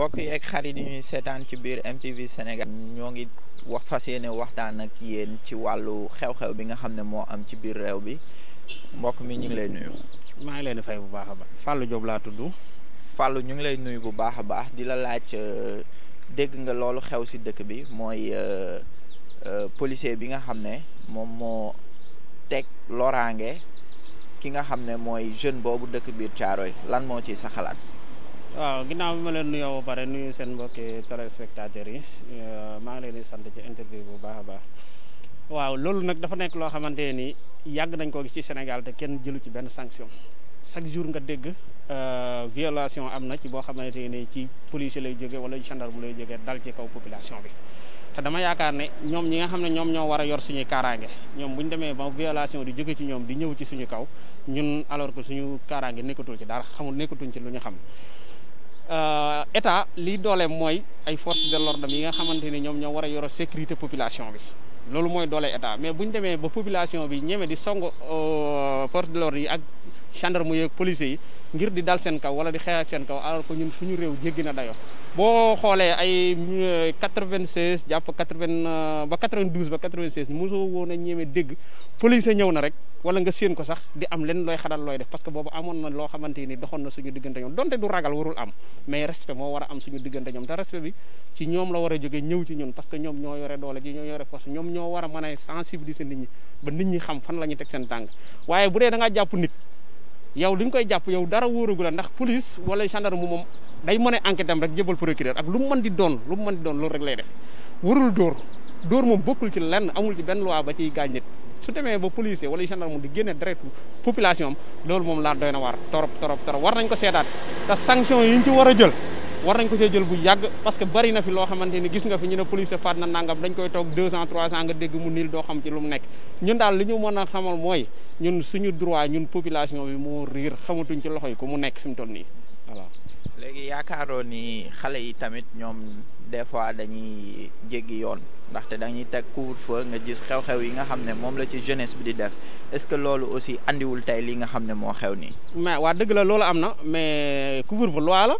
mbokk yi ak xarit yi ñuy seetaan ci biir MTV Sénégal ñoo ngi wax fas yéene waxtaan ak yéen ci wàllu xew-xew bi nga xam ne moo am ci biir réew bi mbokk mi ñu ngi lay nuyu. maa ngi leen di fay bu baax a baax Fallou Diop laa tudd. Fallou ñu ngi lay nuyu bu baax a baax di la laaj euh, dégg nga loolu xew si dëkk bi mooy euh, euh, policier bi nga xam ne moom moo teg loraange ki nga xam ne mooy jeune boobu dëkk biir caaro yi lan moo ciy sa xalaat. waaw ginnaaw bi ma leen nuyoo ba pare nuyu seen mbokki téléspectateurs yi euh, maa ngi leen di sant ci interview bu baax a baax waaw loolu nag dafa nekk loo xamante ni yàgg nañ koo gis Sénégal te kenn jëlu ci benn sanction chaque jour nga dégg euh, violation am na ci boo xamante ni ci police lay jóge wala gendarme lay jóge dal ci kaw population bi te dama yaakaar ne ñoom ñi nga xam ne ñoom ñoo war a yor suñuy kaaraange ñoom buñ demee ba violation di jóge ci ñoom di ñëw ci suñu kaw ñun alors que suñu kaaraange nekkatul ci dara xamul nekkatuñ ci lu ñu xam Euh, état liy dooleem mooy ay forces de l'ordre yi nga xamante ni ñoom ñoo war a yoro sécurité population bi loolu mooy doole état mais bu ñu demee ba population bi ñeme di song euh, force de l'ordre yi ak gendarme mu ak police yi ngir di dal seen kaw wala di xeex seen kaw alors que ñun suñu réew jéggi na dayo boo xoolee ay 96 euh, jàpp 80 ba 92 ba 96 mosoo woon a ñeme dégg police ñëw na rek. wala nga séen ko sax di am leen looy xadal looy def parce que boobu amoon na loo xamante ni doxoon na suñu diggante ñoom donte du ragal warul am mais respect moo war am suñu diggante ñoom te respect bi ñoom a jógee ñëw ci ñun parce que ñoom ñoo yore doole ji ñoo yore force ñoom a mën a sensibiliser nit ñi ba nit ñi xam fan la ñuy teg seen tànk waaye bu dee danga ngaa jàpp nit yow li ñu koy jàpp yow dara wóoragu la ndax police wala gendarme moom day mën a enquête am rek jébal procureur ak lu mu mën di doon lu mu mën di doon loolu rek lay def warul dóor dóor moom bokkul ci lenn amul ci benn loi ba ciy gaañ nit su demee ba policier wala gendarme di génne direct population am loolu moom laa doy na waar torop torop torop war nañ ko seetaat te sanction yi ñu ci war a jël war nañ ko cee jël bu yàgg parce que bari na fi loo xamante ni gis nga fi ñu ne policier faat na nangam dañ koy toog deux ans trois ans nga dégg mu niil doo xam ci lu mu nekk ñun daal li ñu mën a xamal mooy ñun suñu droit ñun population bi moo riir xamatuñ ci loxo yi ku mu nekk fi mu toll nii voilà. léegi yaakaaroo ni xale yi tamit ñoom. des fois dañuy jéggi yoon ndaxte dañuy teg couvre-feu nga gis xew-xew yi nga xam ne moom la ci jeunesse bi di def est-ce que loolu aussi andiwul tey li nga xam ne moo xew nii. mais waa dëgg la loolu am na mais couvre-feu loi la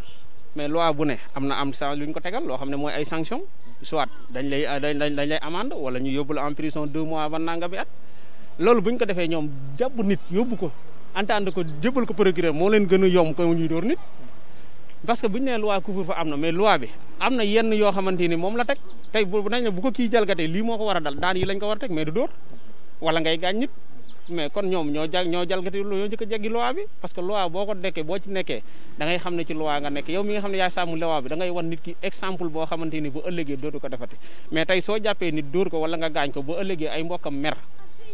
mais loi bu ne am na am sa lu ñu ko tegal loo xam ne mooy ay sanctions soit dañ lay euh, dañ dañ lay amende wala ñu yóbbu la en prison deux mois ba nanga bi at loolu bu ñu ko defee ñoom jàpp nit yóbbu ko entendre ko jébbal ko procureur moo leen gën a yomb ko ñuy dóor nit. parce que bu ñu nee loi couvre-feu am na mais loi bi am na yenn yoo xamante moom la teg tey bu nañ ne bu ko kii jalgatee lii moo ko war a dal daan yi lañ ko war a teg mais du dóor wala kon ñoom ñoo jag ñoo jalgati ñoo njëkk a jeggi loi parce que loi boo ko dekkee boo ci nekkee da ngay xam ne ci loi nga nekk yow mi nga xam ne yaay sàmm loi bi da ngay nit ki exemple boo xamante ni bu ëllëgee dootu ko defati mais tey soo jàppee nit dóor ko wala nga gaañ ko bu ëllëgee ay mbokkam mer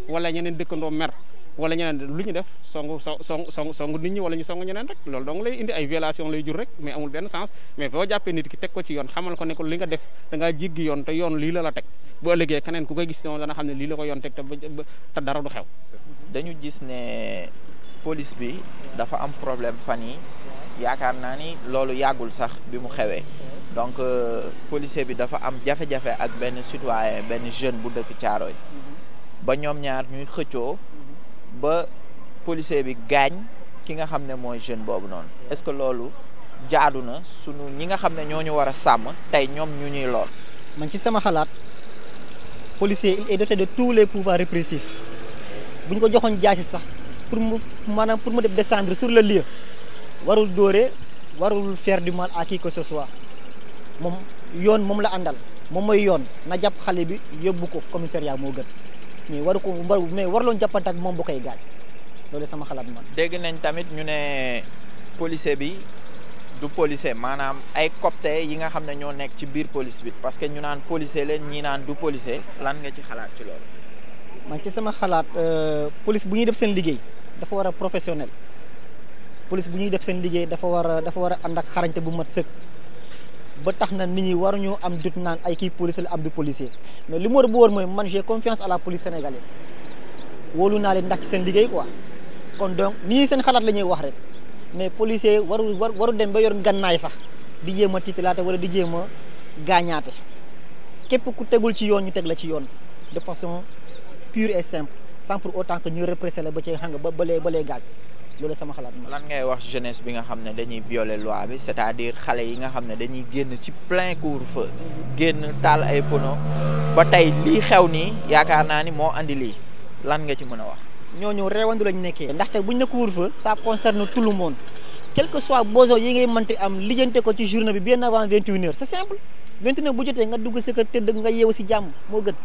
wala ñeneen dëkkandoo mer wala lu ñu def song song song song nit ñi wala ñu song ñeneen rek loolu donc lay indi ay violation lay jur rek mais benn sens mais boo jàppee nit ko ci yoon ko ne ko li nga def da ngaa jéggi yoon te yoon lii la la teg boo ëllëgee keneen ku koy gis noonu dana xam ne lii la ko teg te te dara du xew. dañu gis ne police bi dafa am problème fan yi yaakaar naa ni loolu yàggul sax bi mu xewee donc euh, policier bi dafa am jafe-jafe ak benn citoyen benn jeune bu dëkk Caaroy ba ñoom ñaar ñuy xëccoo. ba policier bi gaañ ki nga xam ne mooy jeune boobu noonu est que loolu jaadu na sunu ñi nga xam ne ñoo ñu war a sàmm tey ñoom ñu ñuy lool. man ci sama xalaat policier il est doté de tous les pouvoirs répressifs bu ñu ko joxoon jaasi sax pour mu maanaam pour mu def descendre sur le lieu warul dóore warul faire du mal à qui que ce soit moom yoon moom la àndal moom mooy yoon na jàpp xale bi yóbbu ko commissariat moo gën. mais waru ko mais warloon jàppante ak moom bu koy gaañ loolu sama xalaat man. dégg nañ tamit ñu ne policier bi du policier maanaam ay copte yi nga xam ne ñoo nekk ci biir police bi parce que ñu naan policier leen ñii naan du policier lan nga ci xalaat ci loolu. man ci sama xalaat euh, police bu ñuy def seen liggéey dafa war a professionnel police bu ñuy def seen liggéey dafa war a dafa war a ànd ak xarañte bu mat sëkk. ba tax na nit ñi waruñu am dut naan ay kii policier la am du policier mais li mu war bu wóor mooy man j'ai confiance à la police sénégalaise wóolu naa leen ndax ci seen liggéey quoi kon donc nii seen xalaat la wax rek mais policier waru waru dem ba yor gannaay sax di jéem a titilaate wala di jéem a gaañaate képp ku tegul ci yoon ñu teg la ci yoon de façon pure et simple sans pour autant que ñu repressé la ba ci xam nga ba ba lee ba lee gaañ loolu sama xalaat lan ngay wax jeunesse bi nga xam ne dañuy violer loi bi c'est-à-dire xale yi nga xam ne dañuy génn ci plein couvre-feu génn taal ay pono ba tey lii xew nii yaakaar naa ni moo indi lii lan nga ci mën a wax ñoo ñooñu reewandu lañu nekkee ndaxte buñ ne couvre-feu ça concerne tout le monde quel que soit boson yi ngay mënti am lijjante ko ci journée bi bien avant vingt et une heures c'est simple vingt une heures bu jotee nga dugg sa kër tëdd nga yeewu si jàmm moo gën